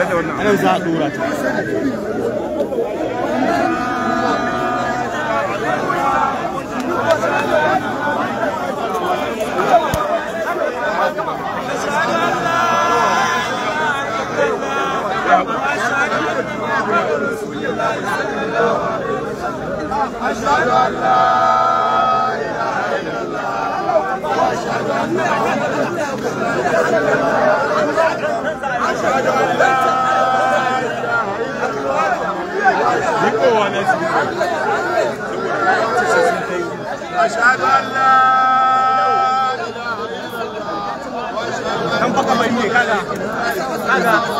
ثلاثة ولا أنا وزعت أشهد أن لا إله إلا الله أشهد أن محمدا رسول الله أشهد أن لا rikowa na shi أشهد أن لا إله إلا الله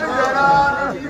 Sen yaranı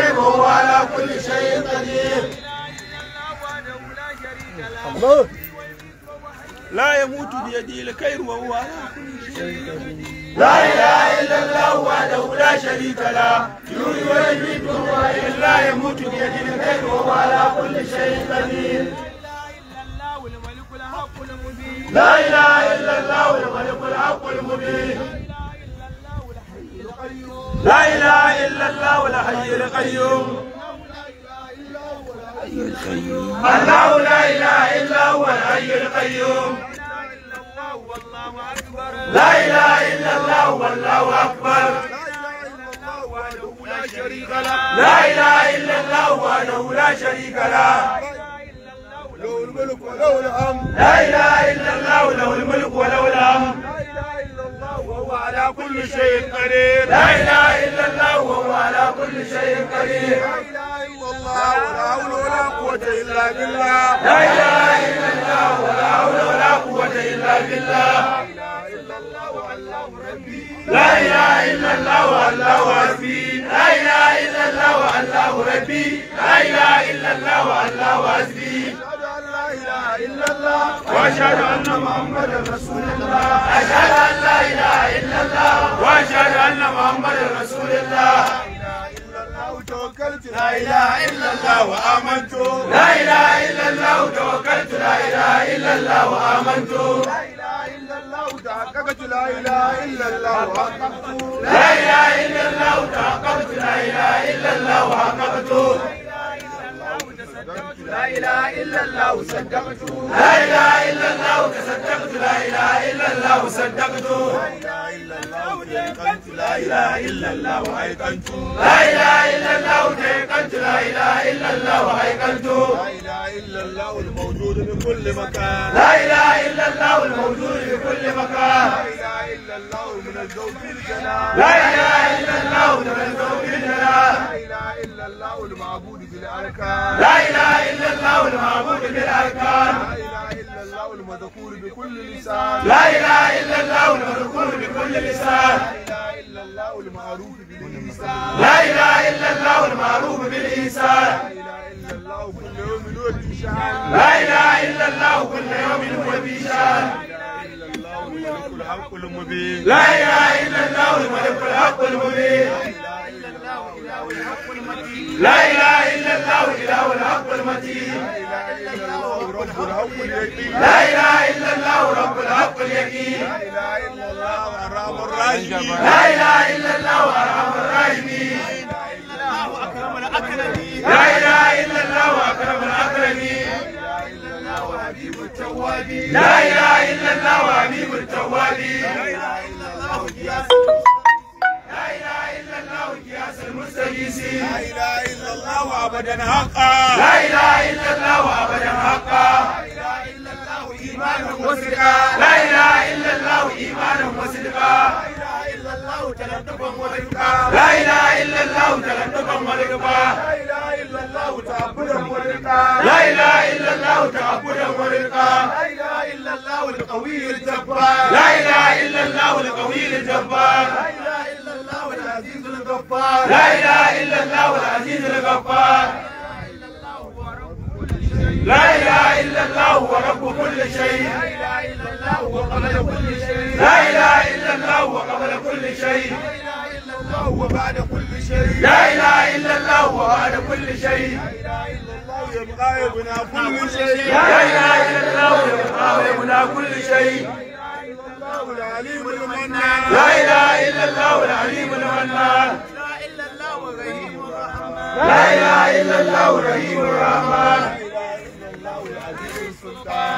المنعم وهو على كل شيء قدير الله لا يموت بيدي الخير وهو على كل شيء لا اله الا الله وحده لا شريك له يحيي ويميت وهو لا يموت بيدي الخير وهو على كل شيء قدير لا اله الا الله والملك الحق المبين لا اله الا الله والملك الحق المبين لا اله الا الله ولا حي القيوم الله لا اله الا هو الحي القيوم لا اله الا الله والله اكبر لا اله الا الله وحده لا شريك له له الملك وله الأمر لا اله الا الله وله الملك كل شيء قدير لا اله الا الله وهو على كل شيء قدير لا اله الا الله ولا حول ولا قوه الا بالله لا اله الا الله ولا حول ولا قوه الا بالله لا اله الا الله والله ربي لا اله الا الله والله ربي لا اله الا الله والله حسبي اشهد ان لا اله الا الله واشهد ان محمدا رسول الله اشهد الله واشهد ان محمدا رسول الله توكلت لا اله الا الله وامنت لا اله الا الله توكلت لا اله الا الله وامنت لا اله الا الله وتحققت لا اله الا الله وحققت لا اله الا الله تحققت لا اله الا الله وحققت لا اله الا الله وتصدقت لا اله الا الله تصدقت لا اله الا الله صدقت إله إلا الله وهي كنت لا إله إلا الله وهي لا إله إلا الله وهي كنت لا إله إلا الله الموجود بكل مكان لا إله إلا الله الموجود بكل مكان لا إله إلا الله من الذوق الجلال لا إله إلا الله من الذوق الجلال لا إله إلا الله المعبود الأركان لا إله إلا الله المعبود الأركان لا إله إلا الله المذكور بكل لسان لا إله إلا الله المذكور بكل الحق المبين لا اله الا الله اله الحق المتين لا اله الا الله رب الحق اليقين لا اله الا الله ارحم الراحمين لا اله الا الله ارحم الراحمين لا اله الا الله اكرم الاكرمين لا اله الا الله حبيب التوابين لا اله المستغيثين لا اله الا الله ابدا حقا لا اله الا الله ابدا حقا إيمانا وصدقا لا إله إلا الله إيمانا وصدقا لا إله إلا الله تلبّا ورقا لا إله إلا الله تلبّا ورقا لا إله إلا الله تعبدا ورقا لا إله إلا الله تعبدا ورقا لا إله إلا الله القوي الجبار لا إله إلا الله القوي الجبار لا إله إلا الله العزيز الغفار لا إله إلا الله هو رب كل شيء لا إله إلا الله هو قبل كل شيء لا إله إلا الله هو بعد كل شيء لا إله إلا الله الرحيم الرحمن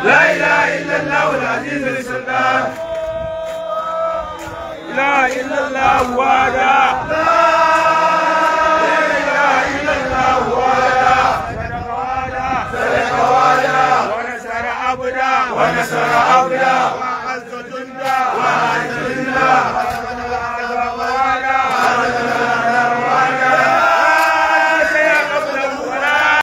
لا إله إلا الله العزيز السلطان لا إله إلا الله وحده